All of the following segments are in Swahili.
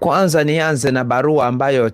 Kwanza nianze na barua ambayo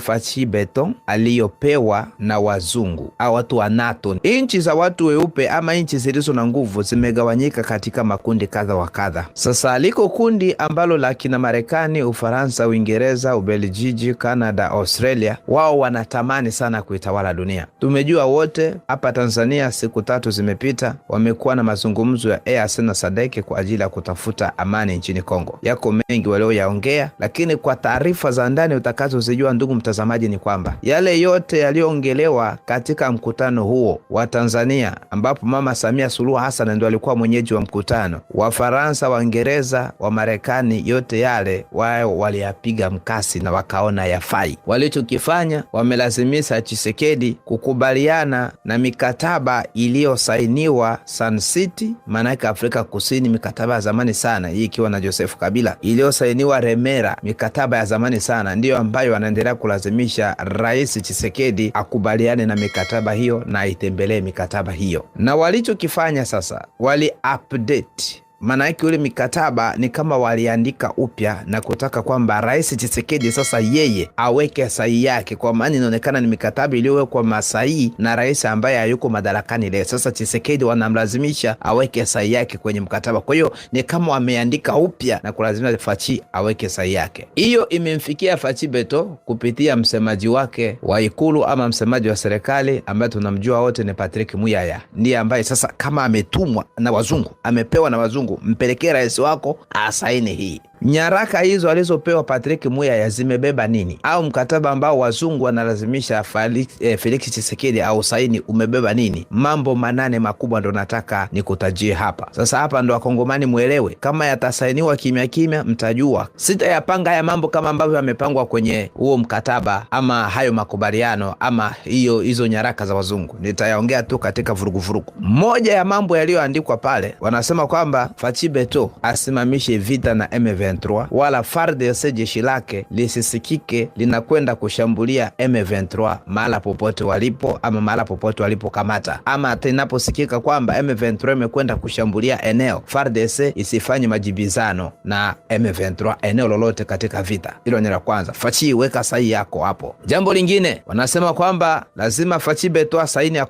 Fachi beton aliyopewa na wazungu au watu wa NATO. Inchi za watu weupe ama inchi zilizo na nguvu zimegawanyika katika makundi kadha wa kadha. Sasa liko kundi ambalo la kina Marekani, Ufaransa, Uingereza, Ubelgiji, Canada, Australia. Wao wanatamani sana kuitawala dunia. Tumejua wote hapa Tanzania, siku tatu zimepita, wamekuwa na mazungumzo ya EAC na SADC kwa ajili ya kutafuta amani nchini Kongo. Yako mengi walioyaongea lakini kwa taarifa za ndani utakazozijua, ndugu mtazamaji, ni kwamba yale yote yaliyoongelewa katika mkutano huo wa Tanzania, ambapo Mama Samia Suluhu Hassan ndo alikuwa mwenyeji wa mkutano, Wafaransa, Waingereza, wa Marekani, yote yale wao waliyapiga mkasi na wakaona yafai. Walichokifanya, wamelazimisha Chisekedi kukubaliana na mikataba iliyosainiwa San City, maanake Afrika Kusini, mikataba ya zamani sana, hii ikiwa na Joseph Kabila iliyosainiwa Remera mikataba ya zamani sana ndiyo ambayo anaendelea kulazimisha Rais Chisekedi akubaliane na mikataba hiyo na aitembelee mikataba hiyo, na walichokifanya sasa wali update maana yake ule mikataba ni kama waliandika upya na kutaka kwamba Rais Tshisekedi sasa yeye aweke sahihi yake, kwa maana inaonekana ni mikataba iliyowekwa masahihi na rais ambaye hayuko madarakani leo. Sasa Tshisekedi wanamlazimisha aweke sahihi yake kwenye mkataba, kwa hiyo ni kama wameandika upya na kulazimisha Fachi aweke sahihi yake. Hiyo imemfikia Fachi Beto kupitia msemaji wake wa Ikulu ama msemaji wa serikali ambaye tunamjua wote ni Patrick Muyaya, ndiye ambaye sasa kama ametumwa na wazungu, amepewa na wazungu Mungu, mpelekee rais wako asaini hii. Nyaraka hizo alizopewa Patrick Muyaya zimebeba nini, au mkataba ambao wazungu wanalazimisha Felix, eh, Felix au saini umebeba nini? Mambo manane makubwa ndo nataka nikutajie hapa sasa. Hapa ndo wakongomani mwelewe, kama yatasainiwa kimya kimya, mtajua sitayapanga haya mambo kama ambavyo yamepangwa kwenye huo mkataba ama hayo makubaliano ama hiyo hizo nyaraka za wazungu. Nitayaongea tu katika vuruguvurugu. Moja ya mambo yaliyoandikwa pale, wanasema kwamba fachibe Beto asimamishe vita na MV 23 wala FARDC jeshi lake lisisikike linakwenda kushambulia M23 mahala popote walipo ama mahala popote walipokamata, ama hata inaposikika kwamba M23 imekwenda kushambulia eneo, FARDC isifanye majibizano na M23 eneo lolote katika vita. Hilo ni la kwanza. Fachi, weka sahihi yako hapo. Jambo lingine wanasema kwamba lazima Fachi betoa saini ya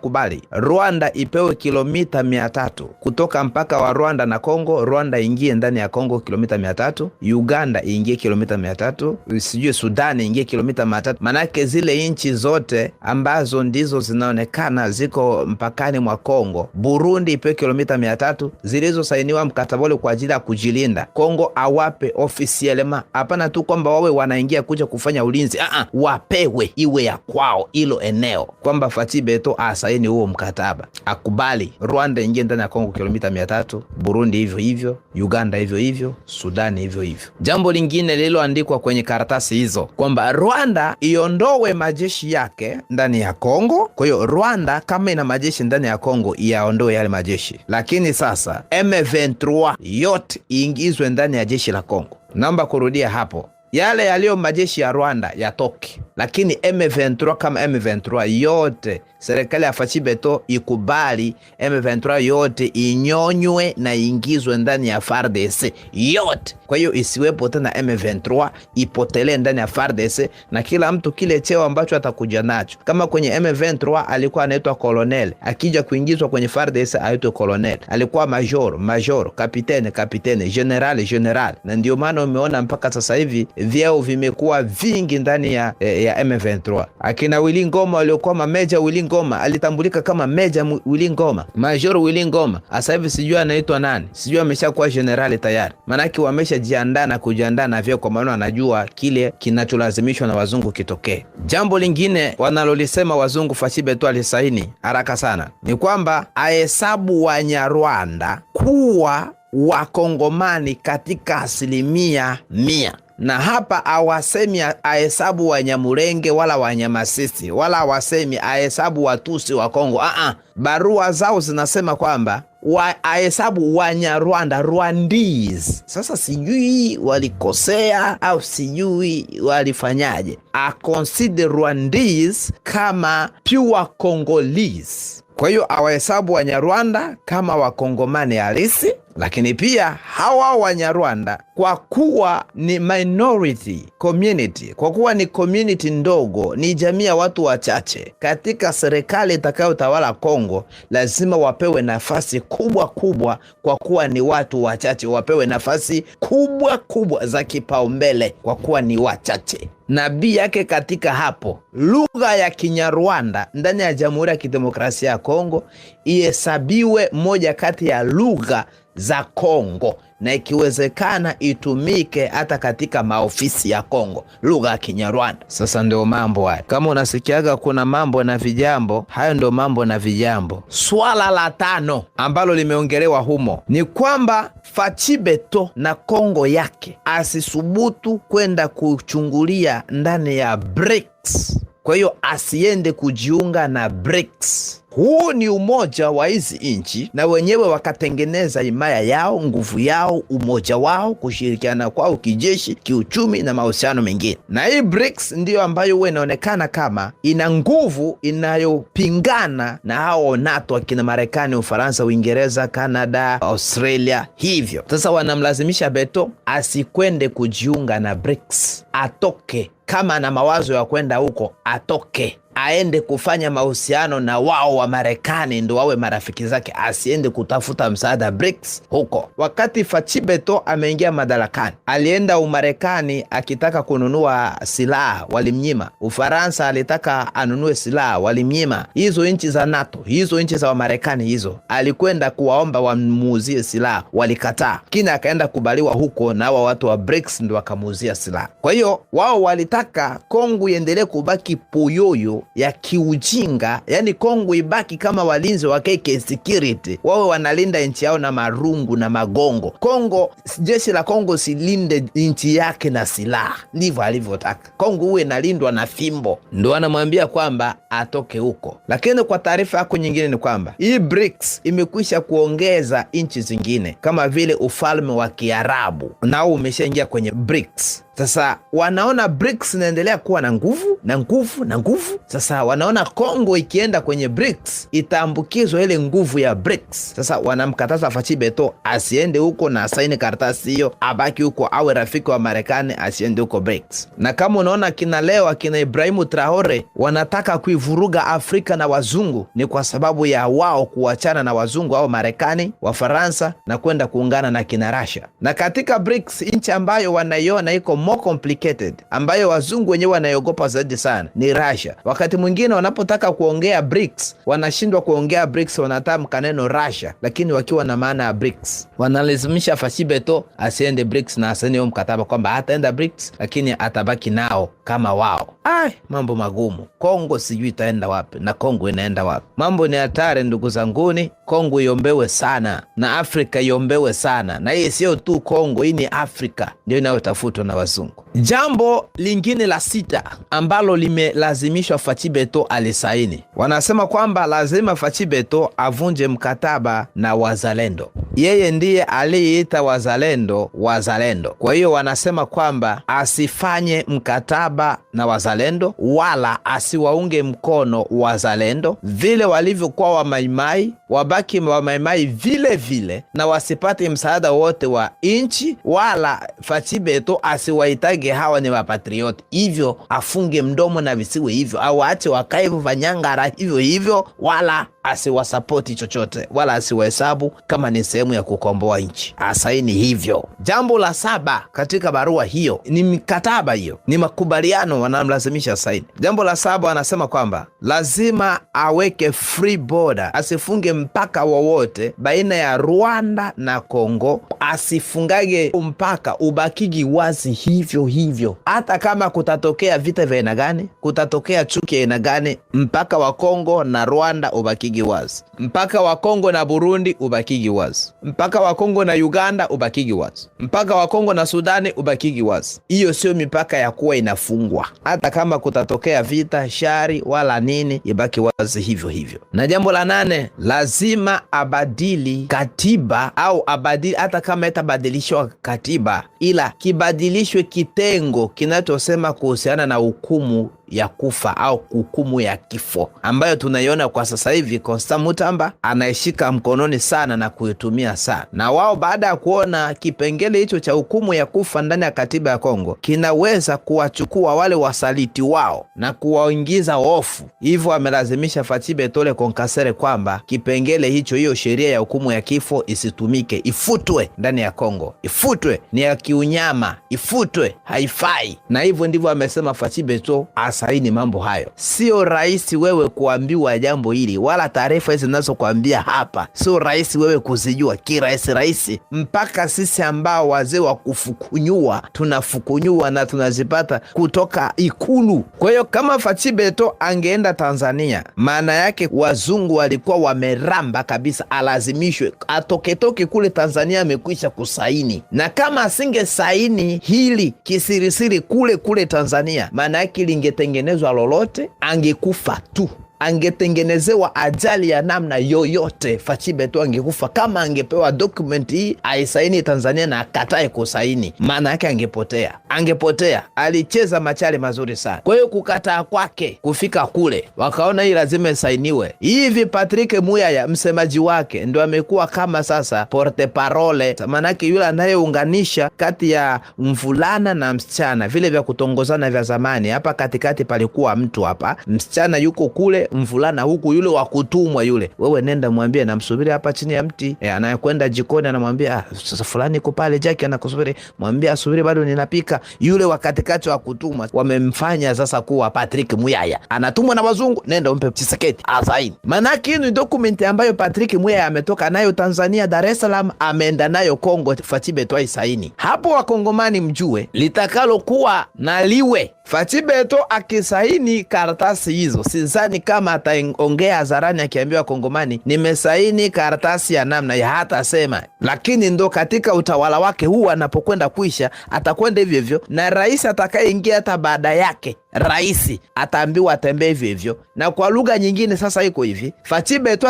Rwanda ipewe kilomita mia tatu kutoka mpaka wa Rwanda na Kongo. Rwanda ingie ndani ya Kongo kilomita mia tatu Uganda iingie kilomita mia tatu, sijui Sudan iingie kilomita mia tatu. Manake zile nchi zote ambazo ndizo zinaonekana ziko mpakani mwa Kongo, Burundi ipewe kilomita mia tatu zilizosainiwa mkataba ule kwa ajili ya kujilinda. Kongo awape ofisielema, hapana tu kwamba wawe wanaingia kuja kufanya ulinzi. Aa, ah, ah, wapewe iwe ya kwao ilo eneo, kwamba Fati Beto asaini huo mkataba, akubali Rwanda ingie ndani ya Kongo kilomita mia tatu, Burundi hivyo hivyo, Uganda hivyo hivyo, Sudani hivyo hivyo hivyo. Jambo lingine lililoandikwa kwenye karatasi hizo kwamba Rwanda iondowe majeshi yake ndani ya Kongo. Kwa hiyo Rwanda kama ina majeshi ndani ya Kongo iyaondoe yale majeshi, lakini sasa M23 yote iingizwe ndani ya jeshi la Kongo. Naomba kurudia hapo yale yaliyo majeshi ya Rwanda yatoke, lakini M23 kama M23 yote Serikali ya Fachibeto ikubali M23 yote inyonywe na ingizwe ndani ya FARDC yote. Kwa hiyo isiwepo tena M23, ipotelee ndani ya FARDC na kila mtu kile cheo ambacho atakuja nacho. Kama kwenye M23 alikuwa anaitwa colonel, akija kuingizwa kwenye FARDC aitwe colonel. Alikuwa major, major, kapitene, kapitene, general, general. Na ndio maana umeona mpaka sasa hivi vyeo vimekuwa vingi ndani ya, eh, ya M23. Akina Wili Ngoma waliokuwa mameja Wili Ngoma alitambulika kama Meja Willy Ngoma, Major Willy Ngoma. Sasa hivi sijui anaitwa nani, sijui ameshakuwa generali tayari, maanake wameshajiandaa na kujiandaa na vyo, kwa maana anajua kile kinacholazimishwa na wazungu kitokee. Jambo lingine wanalolisema wazungu, Fashibe tu alisaini haraka sana, ni kwamba ahesabu Wanyarwanda kuwa Wakongomani katika asilimia mia na hapa awasemi ahesabu Wanyamulenge wala Wanyamasisi wala awasemi ahesabu Watusi wa Kongo. Aa, ah, ah. barua zao zinasema kwamba wa ahesabu Wanyarwanda, Rwandis. Sasa sijui walikosea au sijui walifanyaje, aconsider Rwandis kama pure Congolese. Kwa hiyo awahesabu Wanyarwanda kama Wakongomani halisi lakini pia hawa Wanyarwanda kwa kuwa ni minority community, kwa kuwa ni community ndogo, ni jamii ya watu wachache katika serikali itakayotawala Kongo, lazima wapewe nafasi kubwa kubwa, kwa kuwa ni watu wachache, wapewe nafasi kubwa kubwa za kipaumbele, kwa kuwa ni wachache nabii yake katika hapo lugha ya Kinyarwanda ndani ya Jamhuri ya Kidemokrasia ya Kongo ihesabiwe moja kati ya lugha za Kongo na ikiwezekana itumike hata katika maofisi ya Kongo lugha ya Kinyarwanda. Sasa ndio mambo haya, kama unasikiaga kuna mambo na vijambo, hayo ndio mambo na vijambo. Swala la tano ambalo limeongelewa humo ni kwamba Fachibeto na Kongo yake asisubutu kwenda kuchungulia ndani ya BRICS. Kwa hiyo asiende kujiunga na BRICS. Huu ni umoja wa hizi nchi, na wenyewe wakatengeneza himaya yao, nguvu yao, umoja wao, kushirikiana kwao kijeshi, kiuchumi na mahusiano mengine. Na hii BRICS ndiyo ambayo huwa inaonekana kama ina nguvu inayopingana na hao NATO, akina Marekani, Ufaransa, Uingereza, Kanada, Australia. Hivyo sasa wanamlazimisha Beto asikwende kujiunga na BRICS, atoke kama ana mawazo ya kwenda huko atoke aende kufanya mahusiano na wao wa Marekani ndo wawe marafiki zake, asiende kutafuta msaada BRICS huko. Wakati Fachibeto ameingia madarakani, alienda Umarekani akitaka kununua silaha, walimnyima. Ufaransa alitaka anunue silaha, walimnyima. Hizo nchi za NATO, hizo nchi za Wamarekani hizo, alikwenda kuwaomba wamuuzie silaha, walikataa. Kini akaenda kubaliwa huko na hawa watu wa BRICS ndo wakamuuzia silaha. Kwa hiyo wao walitaka Kongo iendelee kubaki puyoyo ya kiujinga, yani Kongo ibaki kama walinzi wa KK Security, wawe wanalinda nchi yao na marungu na magongo. Kongo, jeshi la Kongo silinde nchi yake na silaha, ndivyo alivyotaka Kongo uwe inalindwa na fimbo, ndo anamwambia kwamba atoke huko. Lakini kwa taarifa yako nyingine ni kwamba hii BRICS imekwisha kuongeza nchi zingine kama vile ufalme wa Kiarabu nao umeshaingia kwenye BRICS. Sasa wanaona BRICS inaendelea kuwa na nguvu na nguvu na nguvu. Sasa wanaona Kongo ikienda kwenye BRICS itaambukizwa ile nguvu ya BRICS. Sasa wanamkataza fachi beto asiende huko na asaini karatasi hiyo, abaki huko awe rafiki wa Marekani, asiende huko BRICS. Na kama unaona kina leo akina Ibrahimu Traore wanataka kuivuruga Afrika na wazungu, ni kwa sababu ya wao kuachana na wazungu au Marekani, Wafaransa na kwenda kuungana na kina Russia. Na katika BRICS nchi ambayo wanaiona iko more complicated ambayo wazungu wenyewe wanaiogopa zaidi sana ni Russia. Wakati mwingine wanapotaka kuongea BRICS wanashindwa kuongea BRICS, wanatamka neno Russia, lakini wakiwa na maana ya BRICS. Wanalazimisha Fashibe to asiende BRICS na asaini huo mkataba kwamba hataenda BRICS, lakini atabaki nao kama wao. Ai, mambo magumu. Kongo sijui itaenda wapi na Kongo inaenda wapi? Mambo ni hatari ndugu zanguni. Kongo iombewe sana na Afrika iombewe sana, na hii sio tu Kongo, hii ni Afrika ndio inayotafutwa na wazungu. Kazungu. Jambo lingine la sita ambalo limelazimishwa Fachi Beto alisaini, wanasema kwamba lazima Fachi Beto avunje mkataba na Wazalendo yeye ndiye aliyeita wazalendo wazalendo. Kwa hiyo wanasema kwamba asifanye mkataba na wazalendo wala asiwaunge mkono wazalendo vile walivyokuwa wamaimai, wabaki wamaimai vile vile, na wasipate msaada wote wa nchi, wala Fachibeto asiwaitage hawa ni mapatrioti hivyo afunge mdomo na visiwe hivyo, au ache wakae vanyangara hivyo hivyo, wala asiwasapoti chochote wala asiwahesabu kama ni sehemu ya kukomboa nchi. Asaini hivyo. Jambo la saba katika barua hiyo ni mkataba hiyo ni makubaliano wanamlazimisha saini. Jambo la saba anasema kwamba lazima aweke free border, asifunge mpaka wowote baina ya Rwanda na Kongo, asifungage mpaka, ubakigi wazi hivyo hivyo, hata kama kutatokea vita vya aina gani, kutatokea chuki ya aina gani, mpaka wa Kongo na Rwanda ubakigi ubakigi wazi, mpaka wa Kongo na Burundi ubakigi wazi, mpaka wa Kongo na Uganda ubakigi wazi, mpaka wa Kongo na Sudani ubakigi wazi. Hiyo sio mipaka ya kuwa inafungwa, hata kama kutatokea vita, shari wala nini, ibaki wazi hivyo hivyo. Na jambo la nane, lazima abadili katiba au abadili, hata kama itabadilishwa katiba, ila kibadilishwe kitengo kinachosema kuhusiana na hukumu ya kufa au hukumu ya kifo ambayo tunaiona kwa sasa hivi. Constant Mutamba anaishika mkononi sana na kuitumia sana, na wao baada ya kuona kipengele hicho cha hukumu ya kufa ndani ya katiba ya Kongo kinaweza kuwachukua wale wasaliti wao na kuwaingiza hofu, hivyo amelazimisha Fachi tole Konkasere kwamba kipengele hicho, hiyo sheria ya hukumu ya kifo isitumike, ifutwe ndani ya Kongo, ifutwe, ni ya kiunyama, ifutwe, haifai. Na hivyo ndivyo amesema Fachi Beto saini mambo hayo. Sio rahisi wewe kuambiwa jambo hili, wala taarifa hizi ninazokuambia hapa sio rahisi wewe kuzijua kirahisi rahisi, mpaka sisi ambao wazee wa kufukunyua tunafukunyua na tunazipata kutoka Ikulu. Kwa hiyo kama Fachi Beto angeenda Tanzania, maana yake wazungu walikuwa wameramba kabisa, alazimishwe atoketoke kule Tanzania, amekwisha kusaini. Na kama asinge saini hili kisirisiri kule kule Tanzania, maana yake lingete kutengenezwa lolote, angekufa tu angetengenezewa ajali ya namna yoyote, Fachibe tu angekufa. Kama angepewa dokumenti hii aisaini Tanzania na akatae kusaini, maana yake angepotea, angepotea. Alicheza machale mazuri sana. Kwa hiyo kukataa kwake kufika kule, wakaona hii lazima isainiwe hivi. Patrick Muyaya msemaji wake ndo amekuwa kama sasa porte parole, maana yake yule anayeunganisha kati ya mvulana na msichana, vile vya kutongozana vya zamani. Hapa katikati palikuwa mtu hapa, msichana yuko kule mvulana huku, yule wa kutumwa yule, wewe nenda mwambie, namsubiri hapa chini ya mti e, anayekwenda jikoni anamwambia, ah, sasa fulani iko pale jaki anakusubiri, mwambie asubiri, bado ninapika. Yule wa katikati wa kutumwa wamemfanya sasa kuwa Patrick Muyaya, anatumwa na wazungu, nenda umpe chisaketi asaini. Ah, Maanake hii ni dokumenti ambayo Patrick Muyaya ametoka nayo Tanzania, Dar es Salaam, ameenda nayo Kongo, fatibe Toa isaini hapo. Wakongomani mjue litakalokuwa na liwe Fati Beto akisaini karatasi hizo, sizani kama ataongea hadharani akiambiwa Kongomani, nimesaini karatasi ya namna ya, hatasema. Lakini ndo katika utawala wake huu anapokwenda kuisha, atakwenda hivyo hivyo, na rais atakayeingia hata baada yake rais ataambiwa atembee hivyo hivyo, na kwa lugha nyingine sasa iko hivi, Fachibe tu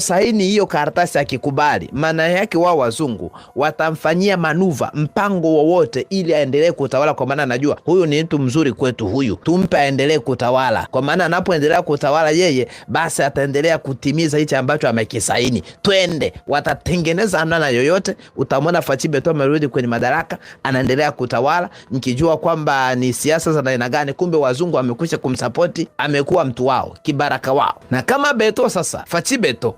saini hiyo karatasi akikubali, maana yake wao wazungu watamfanyia manuva, mpango wowote ili aendelee kutawala, kwa maana anajua huyu ni mtu mzuri kwetu, huyu tumpe aendelee kutawala, kwa maana anapoendelea kutawala yeye, basi ataendelea kutimiza hichi ambacho amekisaini. Twende, watatengeneza namna yoyote, utamwona Fachibe tu amerudi kwenye madaraka, anaendelea kutawala, mkijua kwamba ni siasa za aina gani, kumbe wazungu wamekwisha kumsapoti, amekuwa mtu wao, kibaraka wao. Na kama Beto sasa, Fachi Beto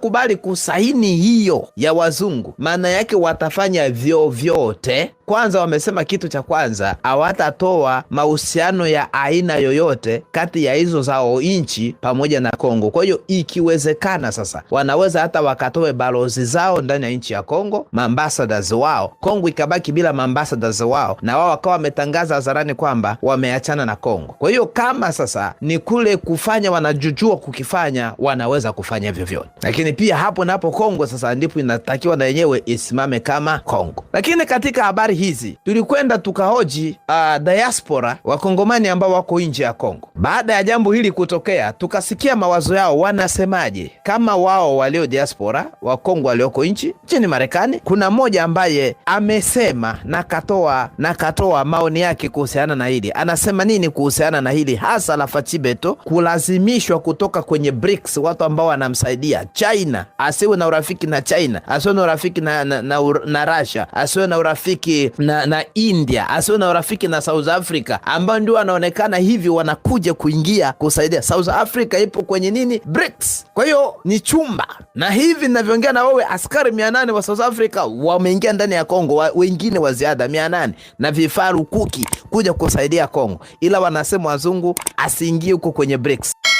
kubali kusaini hiyo ya wazungu, maana yake watafanya vyovyote kwanza wamesema kitu cha kwanza, hawatatoa mahusiano ya aina yoyote kati ya hizo zao nchi pamoja na Kongo. Kwa hiyo ikiwezekana sasa wanaweza hata wakatoe balozi zao ndani ya nchi ya Kongo, mambasadas wao, Kongo ikabaki bila mambasadas wao, na wao wakawa wametangaza hadharani kwamba wameachana na Kongo. Kwa hiyo kama sasa ni kule kufanya wanajujua kukifanya, wanaweza kufanya vyovyote, lakini pia hapo napo Kongo sasa ndipo inatakiwa na yenyewe isimame kama Kongo, lakini katika habari hizi tulikwenda tukahoji uh, diaspora wakongomani ambao wako nje ya Kongo. Baada ya jambo hili kutokea, tukasikia mawazo yao, wanasemaje kama wao walio diaspora wa Kongo walioko nchi nchini Marekani. Kuna mmoja ambaye amesema na katoa na katoa maoni yake kuhusiana na hili, anasema nini kuhusiana na hili hasa la Fachibeto kulazimishwa kutoka kwenye BRICS, watu ambao wanamsaidia China, asiwe na urafiki na China, asiwe na urafiki na, na, na, na Russia, asiwe na urafiki na, na India, asiwe na urafiki na South Africa, ambao ndio wanaonekana hivi wanakuja kuingia kusaidia. South Africa ipo kwenye nini, BRICS. Kwa hiyo ni chumba, na hivi ninavyoongea na wewe, askari mia nane wa South Africa wameingia ndani ya Kongo, wengine wa ziada mia nane na vifaru kuki kuja kusaidia Kongo, ila wanasema wazungu asiingie huko kwenye BRICS.